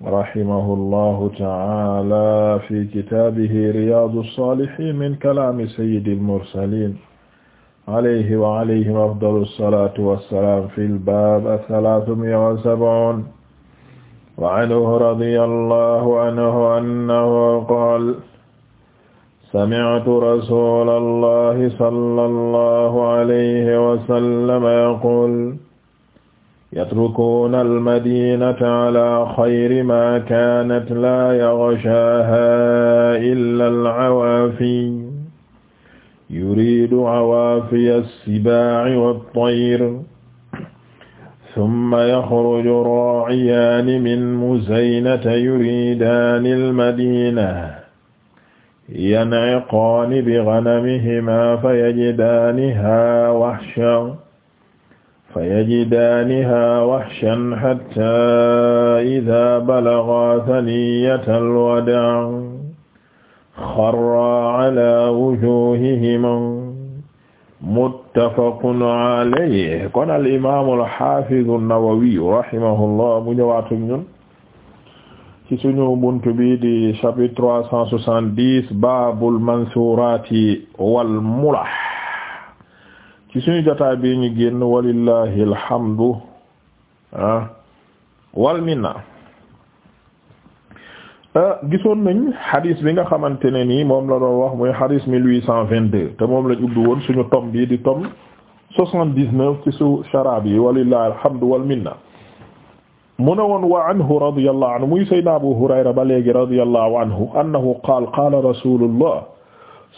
rahimahullahu ta'ala fi kitaabihi Riyâdous-Sâlihîne min kalaami sayyidil mursaliin alayhi wa alayhim afdalu salaatu wa salaam fil baab ath-thalâthumi'a wa sab'uun wa anhu radiyallahu anhu annahu qaala sami'tu rasuulallahi sallallahu alayhi wa sallam yaquulu yatrukuuna almadinata ala xayri ma kaanat laa yaxshaaha illa alcawaafiy yuridu cawaafiya alsibaaci waltayr summa yaxruju raaciyaani min muzaynata yuridaani almadina yanciqaani biganamihimaa fayajidaanihaa waxsha فيجدانها وحشا حتى إذا بلغا ثنية الوداع خرا على وجوههما muttafaqun alayhi kon al imaamul xaafizu nawawi rahimahullah mu ñëwaat ak ñun ci suñu buntu bi di chapitre trois cent soixante-dix baabul mansuuraati wal mulah ci suñu jotaay bi ñu génn walillahi alhamdu ah wal minna ah, gisoon nañ xadis bi nga xamante ne nii moom la doon wax muy xadis mille huit cent vingt-deux te moom lañ ubbi woon suñu tom bii di tom soixante dix ci su sharaab yi walillahi alhamdu wal mu ne woon wa anhu radiyallahu anhu muy sayyidina Abu Hurayra ba léegi radiyallahu anhu annahu qaala rasulullah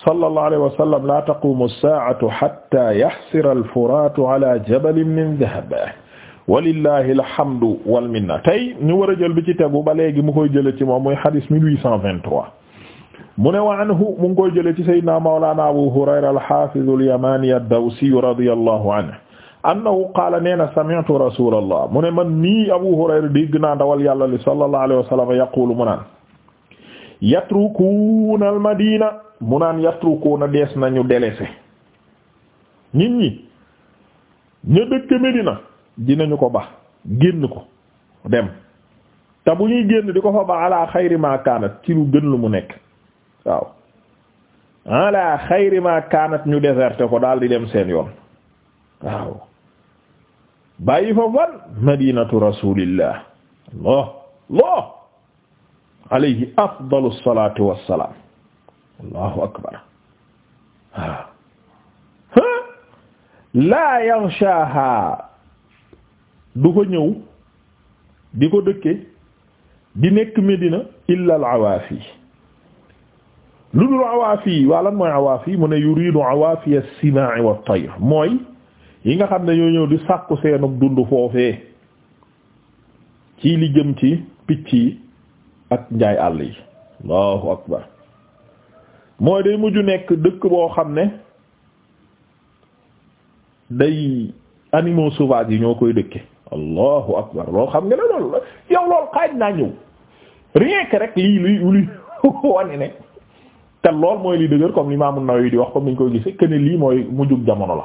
sallallahu alayhi wa sallam la taqumu as-saa'atu hatta yahsira al-furaatu ala jabalin min dhahab walillahi alhamdu wal minna tey ñu war a jël bi ci tegu ba léegi mu koy jële ci moom mooy xadis 1823 mu ne wa anhu mu ngi koy jële ci sayyidina mawlana abu hurayra al-hafiz al-yamani ad-dawsi radiyallahu anhu annahu qaala nee na sami'tu rasulallah mu ne man mii abu hurayra dégg naa ndawal yàlla li sallallahu alayhi wa sallam yaqulu mu naan yatrukuuna al-madina mu naan yatrukoo na dees nañu délaissé nit ñi ña dëkk Medina dinañu ko ba génn ko dem te bu ñuy génn di ko fa ba ala xayri ma kaanat ci lu gën lu mu nekk waaw ala xayri ma kaanat ñu déserté ko daal di dem seen yoon waaw bàyyi fa wan madinatu rasulillah allah allah alayhi afdalu salatu wassalam allahu akbar waaw laa yaxshaaha du ko ñëw di ko dëkke di nekk Medina illa al awaafi lu dul awaafi waa lan mooy awaafi mu ne yuridu awaafi as-simaa' wa tayr mooy yi nga xam ne ñoo ñëw di sàkku seenug dund foofee ci li jëm ci picc yi ak njaay àll yi allahu akbar mooy day mujj nekk dëkk boo xam ne day animaux sauvages yi ñoo koy dëkke allahu akbar loolu xam nga ne loolu yow loolu xaaj naa ñëw rien que rek lii luy luy wane ne te lool mooy li dëgër comme l'imam An-Nawawi di wax comme ni ñu koy gisee que lii mooy mujjug jamono la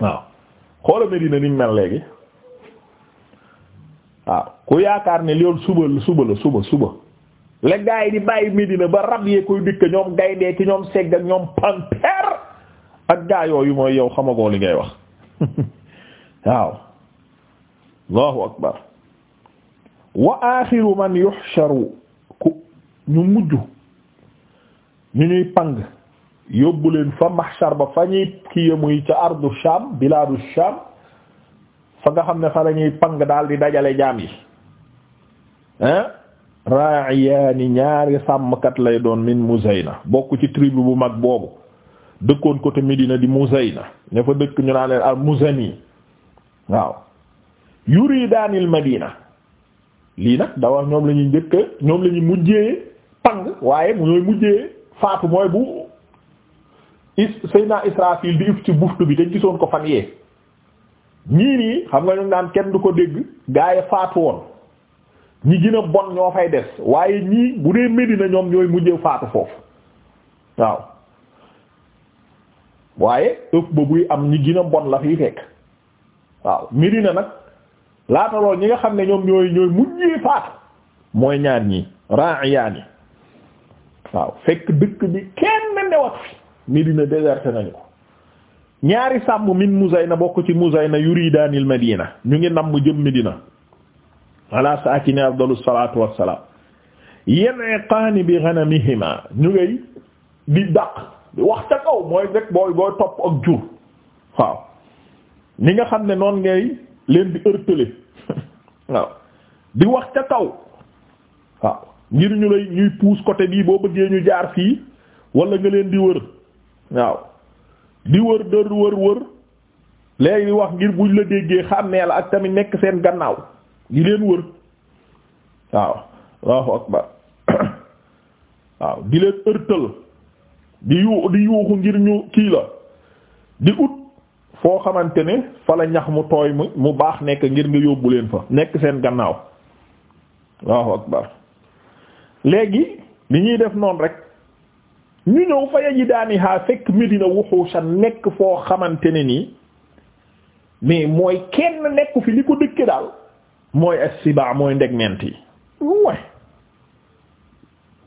waaw xoola Medina ni mu mel léegi waaw ku yaakaar ne loolu suba suba la suba suba la gaa yi di bàyyi Medina ba rab yee koy dikk ñoom gaynde ci ñoom segg ak ñoom panteer ak gaa mooy yow xamagoo li ngay wax waaw allahu akbar wa aaxiru man yuhsharu ku ñu mujj ñu ñuy pang yóbbu leen fa mahshar ba fa ñuy kii muy ca ardu Sham bilaadu Sham fa nga xam ne fa lañuy pang daal di dajale jaam yi hein ra'iyaani ñaari sàmmkat lay doon min Muzayna bokk ci tribu bu mag boobu dëkkoon côté Médina di Muzayna ne fa dëkk ñu naan leen al Muzani waaw yuridaanil Madina lii nag da wax ñoom la ñuy njëkk ñoom lañuy ñuy mujjee pang waaye mu ñooy mujjee faatu mooy bu is Seyna Israfil di if ci buftu bi te gisoon ko fan yee ñii nii xam nga ñu naan kenn du ko dégg gaay faatu woon. ñi gën a bon ñoo fay des waaye ñii bu dee Medina ñoom ñooy mujjee faatu foofu waaw waaye ëpp buy am ñi gën bon la fiy fekk waaw Medina nag laata lool ñi nga xam ne ñoom ñooy ñooy mujjee faatu mooy ñaar ñii ra'iyaani waaw fekk dëkk bi kenn newat fi Medina déserté nañu ko ñaari sàmm min Muzayna bokk ci Muzayna yuridaanil Madina ñu ngi namm jëm Medina ala saakini afdalu salaatu wassalaam yan'iqaani bi ghanamihima ñu ngay di daq di wax ca kaw mooy rek booy booy topp ak jur waaw ni nga xam ne noon ngay leen di ërtële waaw di wax ca kaw waaw ngir ñu lay ñuy pousse côté bii boo bëggee ñu jaar fii wala nga leen di wër waaw di wër dër wër wër léegi di wax ngir buñ la déggee xàmmee la ak tamit nekk seen gannaaw di leen wër waaw allahu akbar waaw di leen ërtal di yuuxu ngir ñu kii la di ut foo xamante ne fa la ñax mu tooy mu mu baax nekk ngir nga yóbbu leen fa nekk seen gannaaw allahu akbar léegi li ñuy def noonu rek ñu ñëw fa yaji daani fekk Medina wuxuusan nekk foo xamante ne nii mais mooy kenn nekku fi li ko dëkke daal mooy as-sibaa mooy ndegment yi way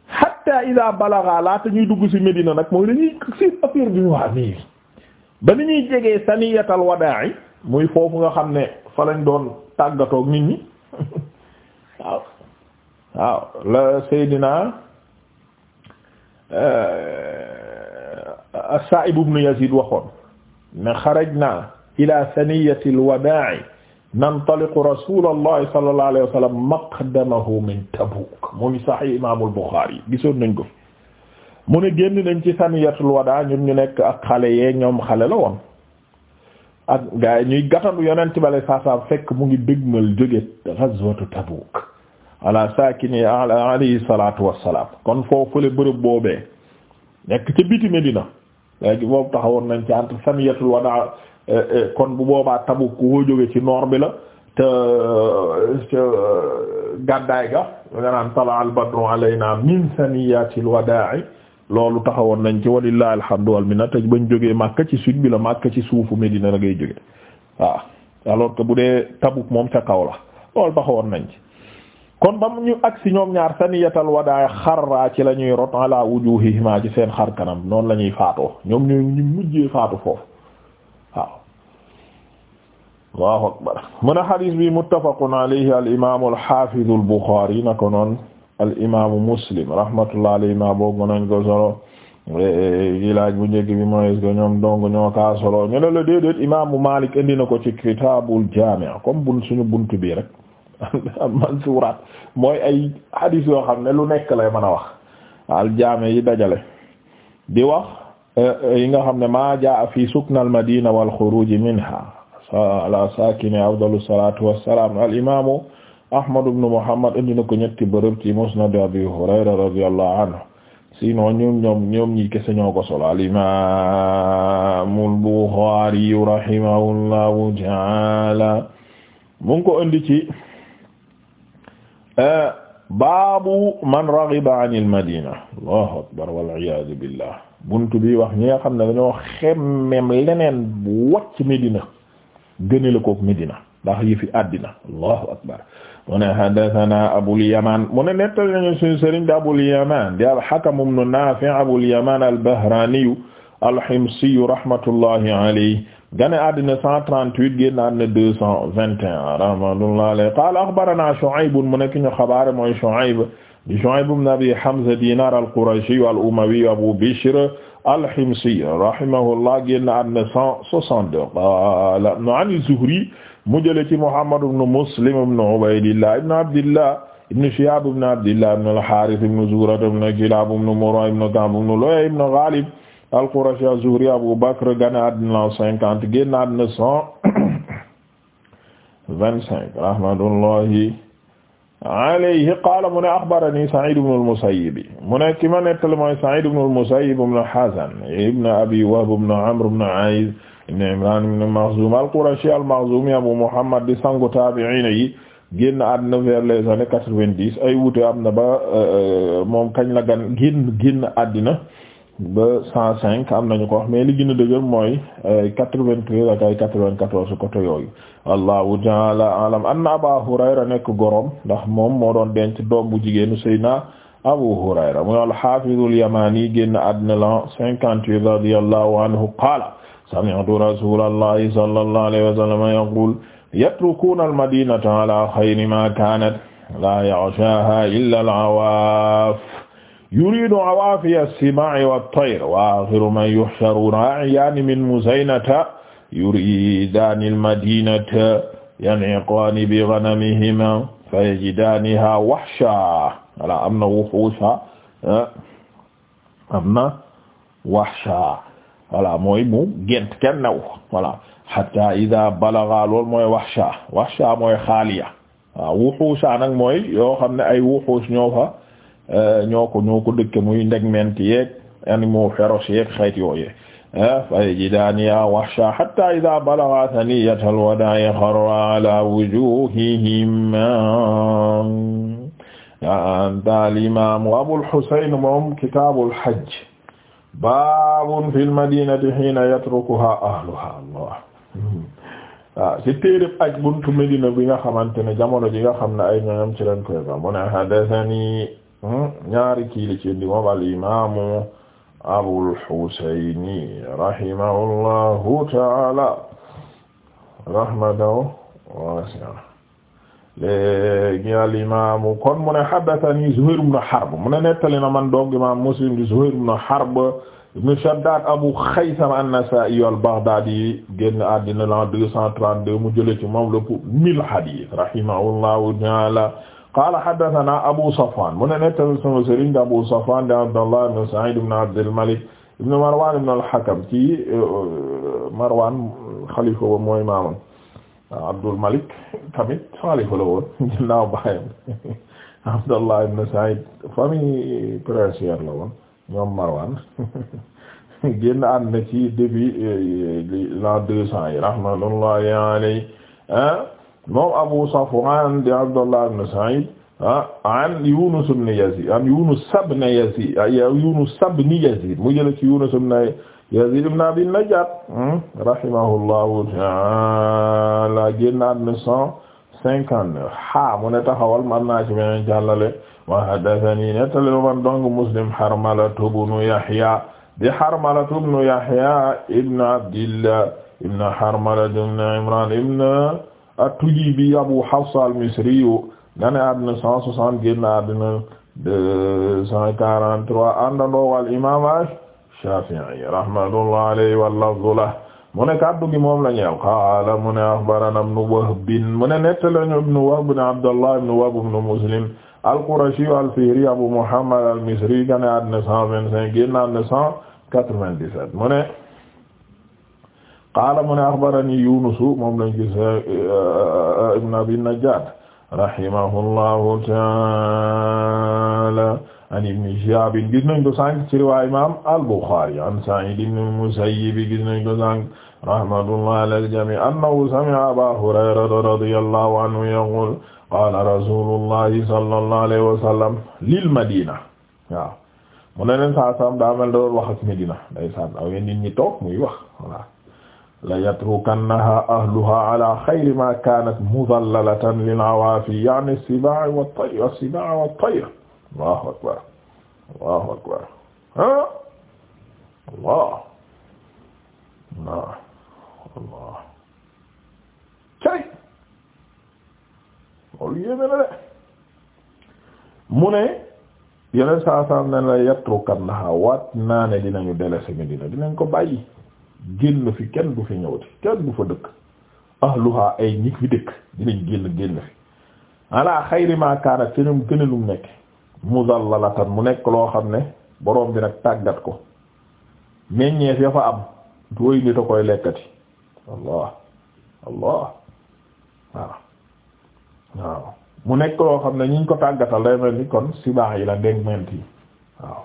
hatta ida balaga laata ñuy dugg ci Medina nag mooy dañuy ci affaire bi waa nii ba ni ñuy jegee saniyatal wadaa muy foofu nga xam ne fa lañ doon tàggatoog nit ñi waaw la Seydina euh, as-Sa'ib ibn waxoon ne xarajna ila saniyatil wadaa nantaliqu rasulallahi sallallahu alayhi wa sallam maqdamahu min Tabuk mu ngi sahih imaamul Buxaari gisoon nañ ko mu ne génn nañ ci saniyatul wadaa ñun ñu nekk ak xale yee ñoom xale la woon ak gaa yi ñuy gatandu yonent bale saasaam fekk mu ngi dëgmal jóge ghazwatu Tabuk ala saakini alayhi kon foofu le bërëb boobee nekk ca biti Medina léegi boobu taxawoon nañ ci entre saniyatul wadaa Eh, eh, kon bu boobaa Tabuk ku ko jóge ci noor bi la te gàddaay ga nga naan tala al badru alayna min saniyatil wadaa'i loolu taxawoon nañ ci walillahi alhamdu wal minna te bañ jógee màkk ci sud bi la Makka ci suufu Medina la ngay jóge waaw alors que bu dee Tabuk moom ca kaw la loolu taxawoon nañ ci kon ba mu ñu agsi ñoom ñaar saniyatal wadaa xarraa ci la ñuy rot ala wujuhihima ci seen xar kanam noonu la ñuy faatoo ñoom ñooy ñu mujjee faatu foofu waaw akbar mun a xadis bi muttafaqun alayhi al imaamu al na ko noon al Muslim rahmatullahi alayhi ma boobu mën nañ ko solo gilaaj bu njëkk bi mooy est-ce dong ñoo kaa solo ñu ne imaamu Maalik indi ko ci kitaabul jaami' comme bun suñu bunt bii rek mansuuraat mooy ay xadis yoo xam ne lu nekk lay mën a wax al yi dajale di wax eh, eh, yi nga xam ne maa jaa fi suknal madina wal xuruuj minha ala sakini afdalu salatu wassalam al imamu ahmad ibn muhammad indi na ko ñetti bërëb ci musnad abi hurayra radiyallahu anhu sinon ñoom ñoom ñoom ñi kese ñoo ko solo al imamu al bukhari rahimahullahu ta'ala mu ko indi ci eh, man raghiba anil madina allahu akbar wal iyaadu billah buntu bi wax ñi na xam ne dañoo xemmem leneen bu wacc gëne la kook Medina ndax yëfi àddina allahu akbar mu ne hadathana Abul Yaman mu ne nettali nañu suñu sëriñ di Abul Yaman di al-Hakam ibn Nafi' Abul Yaman al-Bahrani al-Himsi rahmatullahi alayhi gane àddina 138 génn àddina 221 rahmatullah alayhi qaala axbarana Shu'ayb mu nekk ñu xabaar mooy Shu'ayb di Shu'ayb ibn Abi Hamza Dinar al-Qurashi al-Umawi Abu Bishr al-Himsi rahimahullah génn àddina 162 qaala an az-Zuhri mu jële ci Muhammad ibn Muslim ibn Ubaydillah ibn Abdillah ibn Shihab ibn Abdillah ibn al-Harith ibn Zuhra ibn Kilab ibn Murra ibn Ka'b ibn Lu'ay ibn Ghalib al-Qurashi az-Zuhri Abu Bakr gane àddina cinquante génn àddina cent vingt-cinq rahmatullahi alayhi qaala mu ne axbarani Sa'id ibn al-Musayyib mu ne ki ma nettali mooy Sa'id ibn al-Musayyib ibn Hazan ibn Abi Wahb ibn Amr ibn A'iz ibn Imran ibn Makhzum al-Qurashi al-Makhzumi Abu Muhammad di sangu taabi'iin yi génn àddina vers les années quatre-vingt-dix ay wuute am na ba euh, euh, moom kañ la gan génn génn àddina ba cent am nañu ko wax mais li gën a mooy euh, quatre-vingt-treize ak ay quatre-vingt-quatorze côté yooyu wallahu a alam anna Aba Hurayra nekk gorom ndax moom moo doon denc doom bu jigéenu na Abu Hurayra mu al hafiz al yamani génn àddina la cinquante-huit radiyallahu anhu qala sami'tu rasulallahi sallallahu alayhi wa sallam yaqul yatrukuna al ala khayri ma la ya'shaha illa al yuridu awaafiya as-simaa'i wat-tayr wa aaxiru man yuhsharuuna a'yaani min muzaynata yuriidaani al-madiinata yaniqaani bi ghanamihimaa fayajidaanihaa wahshaa voilà am na wuxuusha eh, am na wahshaa voilà mooy mu gént kenn new voilà hattaa idaa balagaa lool mooy wahshaa wahshaa mooy xaaliya waaw wuxuusha nag mooy yoo xam ne ay wuxuus ñoo fa Eh, ñoo ko ñoo ko dëkke muy ndegment yeeg animaux féroces yeeg xeet yooye eh, fay jidaaniya wahsha hatta idha balagha thaniyata al-wada'i kharra ala wujuhihim antal imam Abul Husayn moom kitabul hajj babun fil madinati hina yatrukuha ahluha Allah waaw hmm. ah, ci téereb aj buntu Medina bi nga xamante ne jamono ji nga xam ne ay ñoñam ci lañ koy ba mu ne hadathani Hmm? ñaari kii la ci indi moom al imaamu Abul Husayni rahimahullahu taala rahmatan waasi'a léegi al imaamu kon mu ne haddathani Zuhayr ibn Harb mu ne nettali na man doom imaam Muslim di Zuhayr ibn Harb ibn Shaddad Abu Khaytham an-Nasa'i al-Baghdadi génn àddina l'an 232 mu jëlee ci moom la pour 1000 hadith rahimahullahu taala qaala haddasanaa Abu Safwaan mu ne nettali sama sëriñ di Abu Safwaan di Abdallah ibn Sa'iid ibn Abdil Malik ibn Marwaan ibn al-Hakam ci euh, Marwaan xalifa ba mooy maamam Abdul Malik tamit xalifa la woon ginnaaw baayam Abdallah ibn Sa'iid famille princière la woon ñoom Marwaan génn ànd na ci début euh, l'an deux cents yi rahmatullahi alayhi moom Abu Safwan di Abdullah ibn Sa'id ah, an Yunus ibn Yazid an Yunus ibn Yazid ah, Yunus ibn Yazid mu jële ci Yunus ibn Yazid ibn Abi Najjar hmm, rahimahullahu ta'ala génnaat na cent cinquante ha mu ne taxawal man naa ci beneen jàllale wa haddathani nettali man dong Muslim Harmala ibn Yahya di Harmala ibn Yahya ibn Abdillah ibn Harmala ibn Imran ibn at-Tujibi Abu Hafs al-Misri gane àddina 160 génn àddina 243 àndandoo wal imaam ash-Shafi'i kaddu gi moom la ñeew qaala mu ne akhbarana ibn Wahb mu Abdullah ibn Wahb ibn Muslim al-Qurashi al-Fihri Abu Muhammad al-Misri gane àddina 125 génn àddina 197 mu qaala mu ne axbarani Yunus moom lañ gis eh, eh, ibn Abi Najjaad rahimahullahu ta'aala an Ibn Shihaab gis nañ ko sànq ci riwaaya Imaam al-Buxaari an Sa'iid ibn al-Musayyib gis nañ ko sànq rahmatullahi alal jamii' annahu sami'a Abaa Hurayrata radiyallahu anhu yaquulu qaala rasuulullahi sallallahu alayhi wa sallam lil Madiina waaw mu ne leen saa saam daa mel ne da doon wax ak Medina day saan aw nit ñi toog muy wax voilà. la yatrukannaha ahluha ala xayri ma kanat mudallalatan lil awafi yaani sibaa wa tayr sibaa wa tayr allahu akbar allahu akbar ah allah allah allah cay loolu yéeme na de mu ne yeneen saa saa ne la yatrukannaha waat naa ne dinañu delese Medina dinañ ko bàyyi génn fi kenn du fi ñëwati kenn du fa dëkk ahluha ay ñi fi dëkk dinañ génn génn fi ala xayri kaanat te ñoom gën nekk mudallalatan mu nekk loo xam ne borom bi nag tàggat ko meññeef ya fa am dooy nit a koy lekkati allah allah waaw waaw mu nekk loo xam ne ñiñ ko tàggatal day mel ni kon sibaax yi la ndeg menti waaw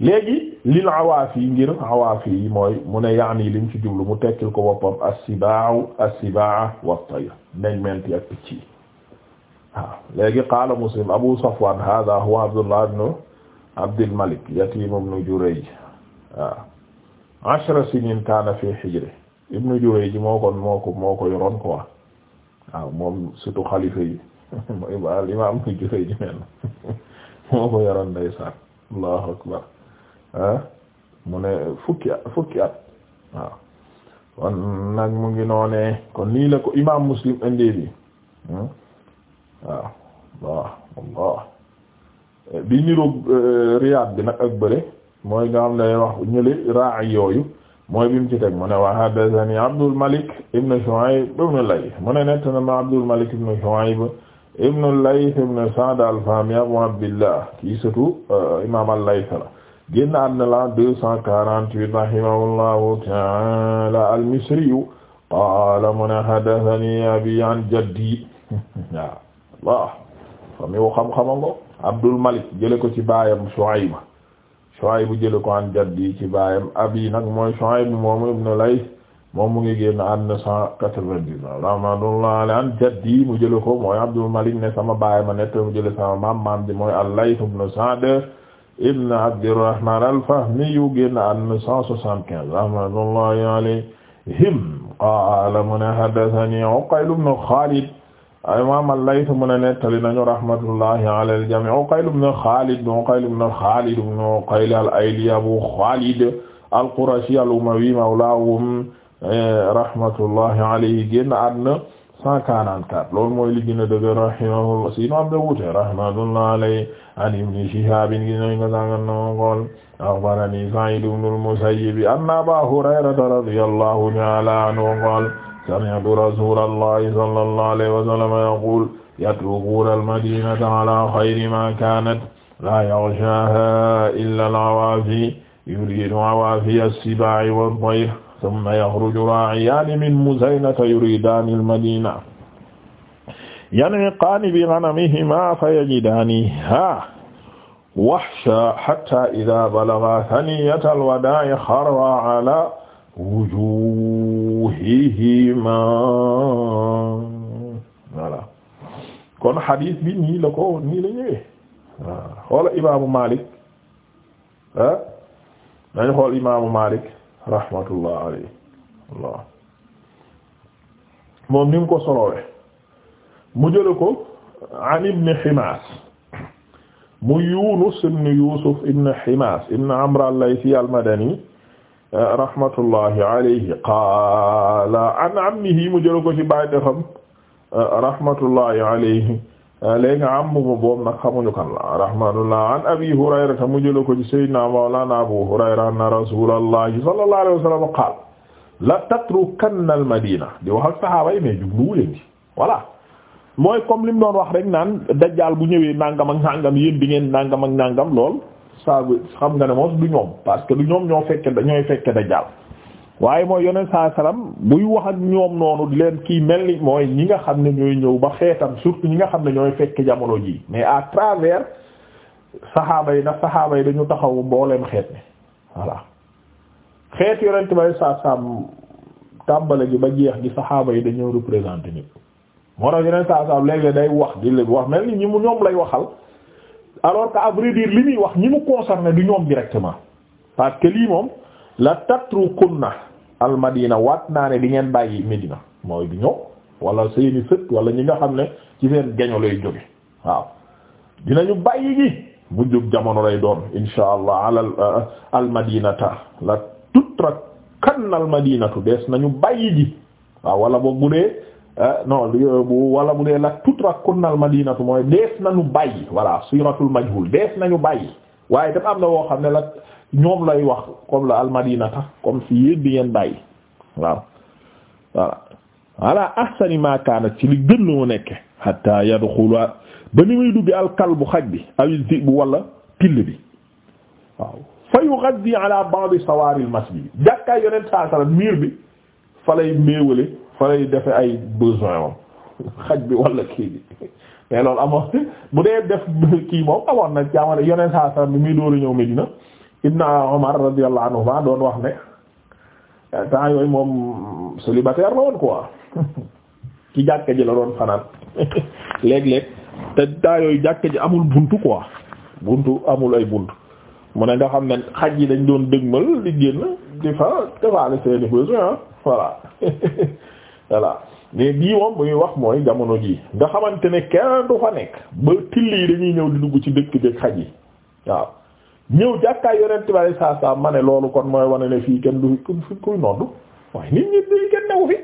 léegi lil awaafi ngir awaafi yi mooy mu ne yaani lim ci jublu mu tekkil ko boppam as-sibaa as-sibaa wa tayr nañ menti ak picc yi waaw léegi qaala muslim abu safwan hadha huwa abdullah ibn abdul malik yatim ibn jurayj waaw kaana fi hijri ibn jurayj moo ko moo ko yoroon moom surtout xalifa yi mooy ba al imam moo ko yoroon ndeysaan allahu akbar mu ne fukki at fukki at waaw kon nag mu ngi noonee kon lii la ko imaam muslim indee bi waaw waaw waaw bi niroog euh, riyaad bi nag ak bële mooy nga xam ne wax ñële raay yooyu mooy bi mu ci teg mu ne wa hadathani Abdul Malik ibn Shuayb ibn Layth mu ne nett na ma Abdul Malik ibn Shuayb ibn Layth ibn Sa'd al-Fahmi Abu Abdillah kii surtout euh, imaam al la génn àddina la 248 rahimahullahu ta'ala al-Misriyu qaala mu ne haddathanii abii an jaddii waaw fami wu xam-xama ngo Abdul Malik jële ko ci baayam Shuayb bu jële ko an jaddii ci baayam abi nag mooy Shuayb moom ibnu Layth moom mu ngi génn àddina 199 rahmatullahi alayhi an jaddii mu jële ko mooy Abdul Malik ne sama baay ma nett mu jële sama maam maam di mooy al-Layth ibnu Sa'd ibn Abdirrahman al-Fahmi yu génn àdduna 175 rahmatullahi alayhim qaala mu ne haddathanii Uqayl ibn Khalid imaam al-Layth mu ne nettali nañu rahmatullahi ala al-jamii' Uqayl ibn Khalid Uqayl ibn Khalid ibn Uqayl al-Ayli Abu Khalid al-Qurashi al-Umawi mawlaahum rahmatullahi alayhi génn àdduna cent quarante-quatre loolu mooy li gën a dëgg rahimahullah si noom de wute rahmatullah alayhi an ibni shihabin gi noñ ko sangan noo ngool akhbarani Sa'id ibn al-Musayyib anna Aba Hurayrata radiyallahu ta'ala anhu qaala sami'tu rasulallahi sallallahu alayhi wa sallam yaqul yatruquna al-madinata ala khayri ma kanat la yaghshaha illa al-awafi yuridu awafi as-siba'i wat-tayr summa yaxruju raa'iyaani min muzaynata yuriidaani al-madiina yaniqaani bi ganamihimaa fayajidaanihaa wahshan hattaa izaa balagaa saniyata al-wadaa'i xarra calaa wujuuhihimaa voilà kon xadis bi nii la ko nii la ñëwee waaw ah, xool imaamu Maalik ah dañu xool imaamu Maalik rahmatullah alayhi Allah moom ni mu ko solowee mu jële ko an ibn Himaas mu Yunus ibn Yusuf ibn Himaas ibn Amr al-Laythi al-Madani rahmatullahi alayhi qaala an ammihi mu jële ko ci baay xam rahmatullahi alayhi Euh, léegi am mu boobu nag xamuñu kan la rahmatullah an abi hurayrata mu jëla ko ci sayyidina mawlana abu hurayra anna rasulallahi la alayhi wa sallam qaal la tatrukanna al madina di wax ak sahaaba yi mais jubluwuleen ci voilà mooy comme li mu doon wax rek naan dajjaal bu ñëwee nangam ak nangam yéen di ngeen nangam ak nangam lool saa xam nga ne moos du ñoom parce que du ñoom ñoo fekke ñooy fekke dajjaal waaye mooy yonent saa salaam buy wax ak ñoom noonu leen kii mel ni mooy ñi nga xam ne ñooy ñëw ba xeetam surtout ñi nga xam ne ñooy fekk jamono ji mais à travers saxaaba yi nag saxaaba yi dañu taxawu mbooleem xeet ni voilà xeet yonent bay saa saam tàmbale gi ba jeex gi saxaaba yi dañoo représenté ñëpp moo tax yeneen saa saam léeg day wax di leen wax mel ni ñi mu ñoom lay waxal alors que à vrai li muy wax ñi mu concerné du ñoom directement parce que lii moom la tatrukunna almadina waat naa ne di ngeen bàyyi Medina mooy di ñëw wala seeni sët wala ñi nga xam ne ci seen geño lay jóge waaw dinañu bàyyi gi mujjub jamono lay doon insha allah ala uh, almadinata la tutrakanna almadinatu dees nañu bàyyi gi waaw wala boog bu dee uh, non uh, wala bu dee la tutrakunna almadinatu mooy dees nañu bàyyi voilà siratul majhul dees nañu bàyyi waaye tam am na woo xam ne la ñoom lay wax comme la almadina tax comme si yéen di ngeen bàyyi waaw voilà ala ahsani ma ci li gën loo nekke hatta yadxula ba ni muy duggi alkalbu xaj bi awil di bu wala till bi waaw fa yughaddi ala ba'd sawaari almasjid bi jàkkaay yonent saa sala miir bi fa lay méewale fa lay defe ay besoin moom xaj bi wala kii bi mais loolu amoon bu dee def kii moom amoon na jamono yonent saa sala bi muy dóoru ñëw Medina Ibn Umar radiyallahu anhuma doon wax ne temps yooyu moom célibataire la woon quoi ci jàkka ji la doon fanaan léeg-léeg te temps jàkka ji amul buntu quoi buntu amul ay buntu mu ne nga xam ne xaj yi dañ doon dëgmal di génn di fa defaale seeni besoin ah. voilà voilà mais bii moom bu wax mooy jamono ji nga xamante ne kenn du fa nekk ba till yi dañuy ñëw di dugg ci dëkk dëkk xaj yi waaw ñëw jàkkaay yonent bari saa saa ma loolu kon mooy wane ne fii kenn du fi kuy noddu waaye nit ñi duy kenn newu fi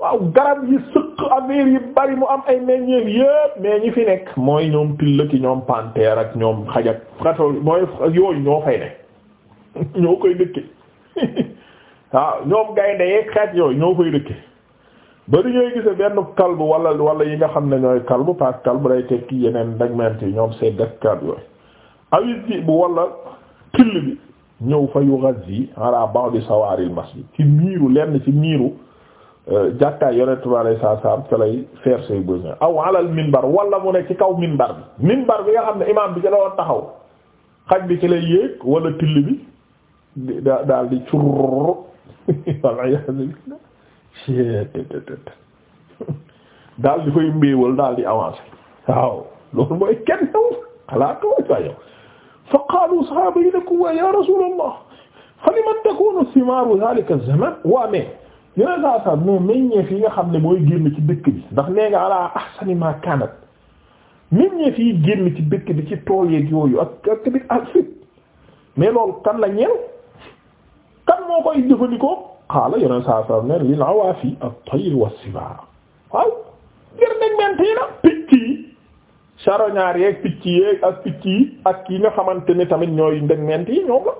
waaw garab yi sëq affaire bari mu am ay meññeef yépp mais ñi fi nekk mooy ñoom till ki ñoom panthère ak ñoom xaj ak xato mooy yooyu ñoo fay ne ñoo koy dëkke waaw ñoom gaynde yeeg xeet yooyu ñoo koy dëkke bari ñooy gise benn kalbu wala wala yi nga xam ne ñooy kalbu parce que kalbu day tekki yeneen dagment yi ñoom seet def yooyu awit ci bu walla till bi ñëw fa yu ghazi ala ba'd sawaaril masjid ci miiru lenn ci miiru euh, jàkkaay yonent bi alayhi salaam ca lay faire ses besoins aw alal minbar wala mu ne ci kaw minbar bi minbar bi nga xam ne imaam bi ca la taxaw xaj bi ci lay yéeg wala till bi da daal di curr daal di koy mbéewal daal avancer waaw loolu mooy kenn yow xalaatoo sa yow fa qaalu sahaaba yi ne ko waay ya rasulallah fa liman takunu thimaaru dhalika az-zaman waa mais yeneen saa saa moo meññeef yi nga xam ne mooy génn ci dëkk bi ndax nee nga ala ahsani ma kanat meññeef yi génn ci dëkk bi ci tool yeeg yooyu ak ak bi ak fit mais loolu kan la ñeel kan moo koy jëfandikoo xaala yeneen saa saa ne lil awaafi at-tayr was-sibaar waaw. charognard yeeg picc yeeg ak picc yi ak yi nga xamante ni tamit ñooy ndegmeent yi ñoom la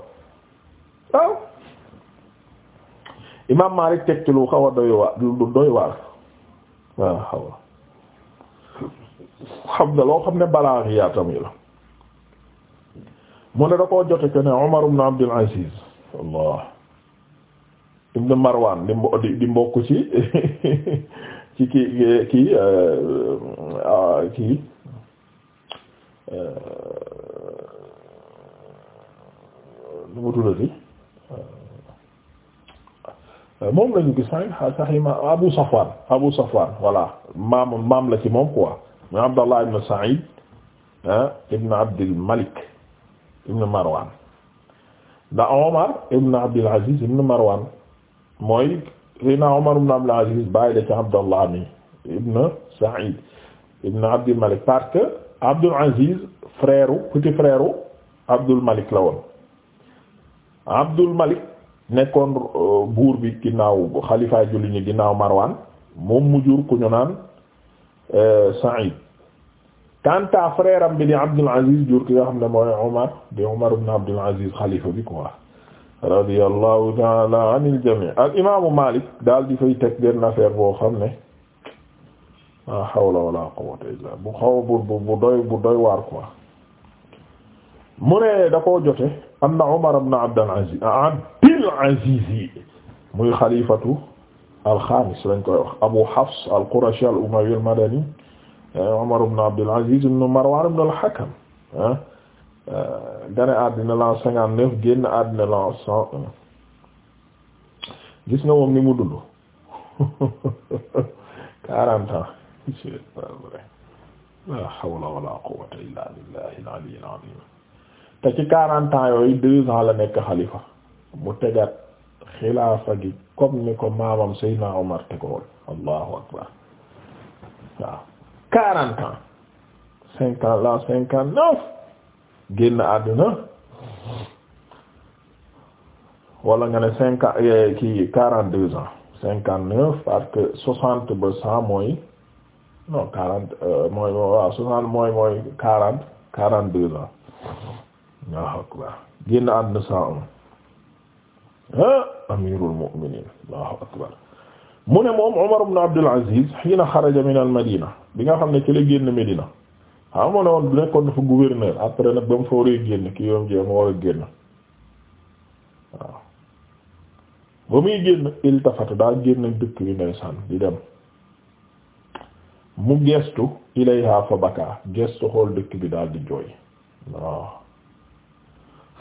waaw imaam Maalik teg ci lu xaw a doy waar lu waar waaw xaw xam nga loo xam ne balaa yaatam la mu ne da koo jote ko ne Umar ibn Abdul Aziz Allah ibn Marwan di mbo- di mbokk ci ci ki ki euh, ah, lu euh, mu tuddati euh, moom lañu gis sànq ah, sax ma Abu Safwan Abu maam maam la ci moom quoi ma Abdallah ibn Sa'id ah, ibn Abdul Malik Marwan da Omar ibn Abdul Aziz ibn mooy Seydina Omar ibn Abdul Abdallah mi ibn Sa'id ibn Abdul Malik parce Abdul Aziz frère petit frère Abdul Malik la woon Abdul Malik nekkoon euh, buur bi ginnaaw xalifaay julli ñi ginnaaw Marwan moom mu jur ku ñu naan euh, Saïd kanta frère bi di Abdul Aziz jur ki nga xam ne mooy Umar di Abdul Aziz xalifa bi quoi radiyallahu ta'ala anil jami' al imaamu Malik daal di fay teg benn boo xam ne la hawla wala bu xaw bu doy waar quoi mu ne da koo jote Umar ibn Abdul Aziz Abdul muy xalifatu alxaamis lañ Abu Hafs al-Qurashi al-Umayyi al-Madani Umar ibn Abdul Aziz ibn Marwan ibn al-Hakam ah gane àddina la cinquante neuf génn àddina la cent un gis nga moom ni mu dund c'est pas la hawla wala quwwata illa billahi al-ali al te ci quarante ans yooyu deux ans la nekk xalifa mu tegaat xilaafa gi comme ni ko maamam Seydina Omar tegool allahu akbar waaw quarante ans cinquante neuf génn àdduna wala nga ne cinquante quarante deux ans eh, cinquante neuf parce que soixante ba cent mooy non quarante euh, mooy mooy mooy quarante quarante deux ans waaw akbar génn àdduna cent un ah, amirul mu'minin allahu akbar mu ne moom Umar ibn Abdul Aziz hiina xaraja min Madina bi nga xam ne ci la génn Medina xam nga ne woon nekkoon dafa gouverneur après nag ba mu fooree génn kii yoom jee war a génn waaw ba muy génn iltafata daa génn dëkk bi ndeysaan di dem mu gestu ilayha fa baka gestu xool dëkk bi daldi di jooy waaw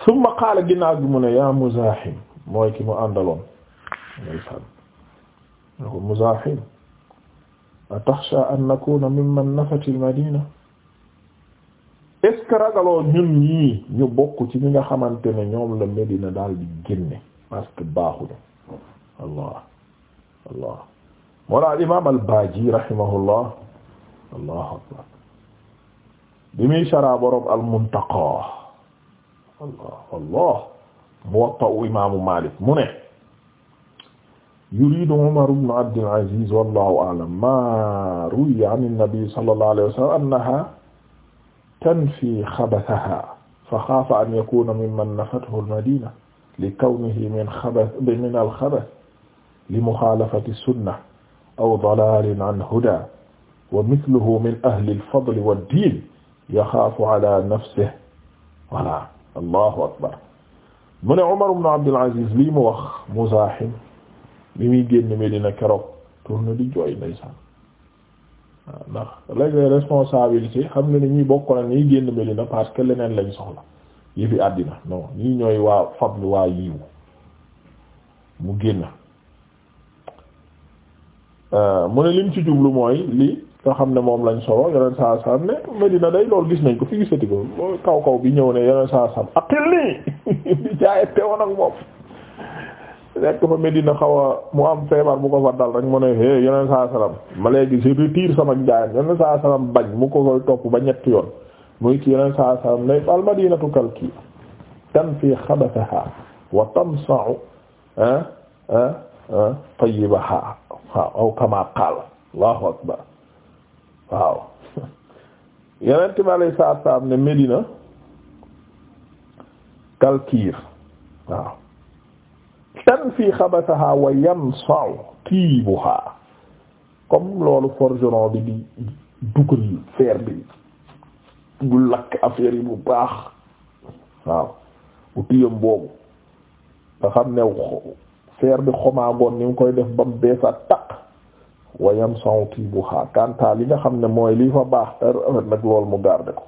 summa qaala mu ne yaa Muzaahim mooy ki mu àndaloon ndeysaan a ko Muzaahim ataxsha an nakuna mimman nafati al-madina est-ce ragaloo ñun ñii ñu bokk ci ñi nga xamante ne ñoom la Medina daal di génne parce que baaxuñu imaam al-Baaji rahimahullah allahu akbar bi muy shara borom al-Muntaqa allah allah Muwatta imaamu Maalik mu ne yuriidu Umar ibn Abdul Aziz wallahu a'lam maa ruwiya an an-nabi sallallahu alayhi wa sallam annaha tanfi xabathaha fa xaafa an yakuna mimman nafathu al-Madina li kawnihi min xabath min al-xabath li muxaalafati sunna aw dalaalin an hudaa wa mithluhu min ahli al-fadl wad-din yaxaafu ala ne Umar ibn Abdul mu wax Muzaahim muy génn Medina keroog di jooy ndeysaan waaw ndax xam ne ni ñuy bokk leneen lañ soxla yi fi àddina non ñii ñooy waa fadl waa yiwu mu génn euh, mu ne lim ci jublu mooy li nga xam ne moom lañ solo yeneen saa saam ne Medina day loolu gis nañ ko fi gisati ko kaw kaw bi ñëw ne yeneen saa saam aqil nii di jaayante woon ak moom nekk fa Medina xaw mu am feebar bu ko fa dal rek mu ne é yeneen saa saam ma léegi je retire sama jaayam yeneen saa saam bañ mu ko koy topp ba ñetti yoon muy ki yeneen saa saam ne al madinatu kalki tanfi xabathaha wa tamsa'u ah ah waaw ah, aw kama waaw yeneen tibalee saab saab ne Medina kalkiir waaw tan fii xabasaha wa yansaw tiibuha comme loolu forgeron bi di dugal fer bi du lakk affaire yi bu baax waaw bu tiyam boobu nga xam ne fer bi xomaagoon ni mu koy def ba mu beesa taq wayam santibuha kanta li nga xam ne mooy li fa baax nag lool mu garde ko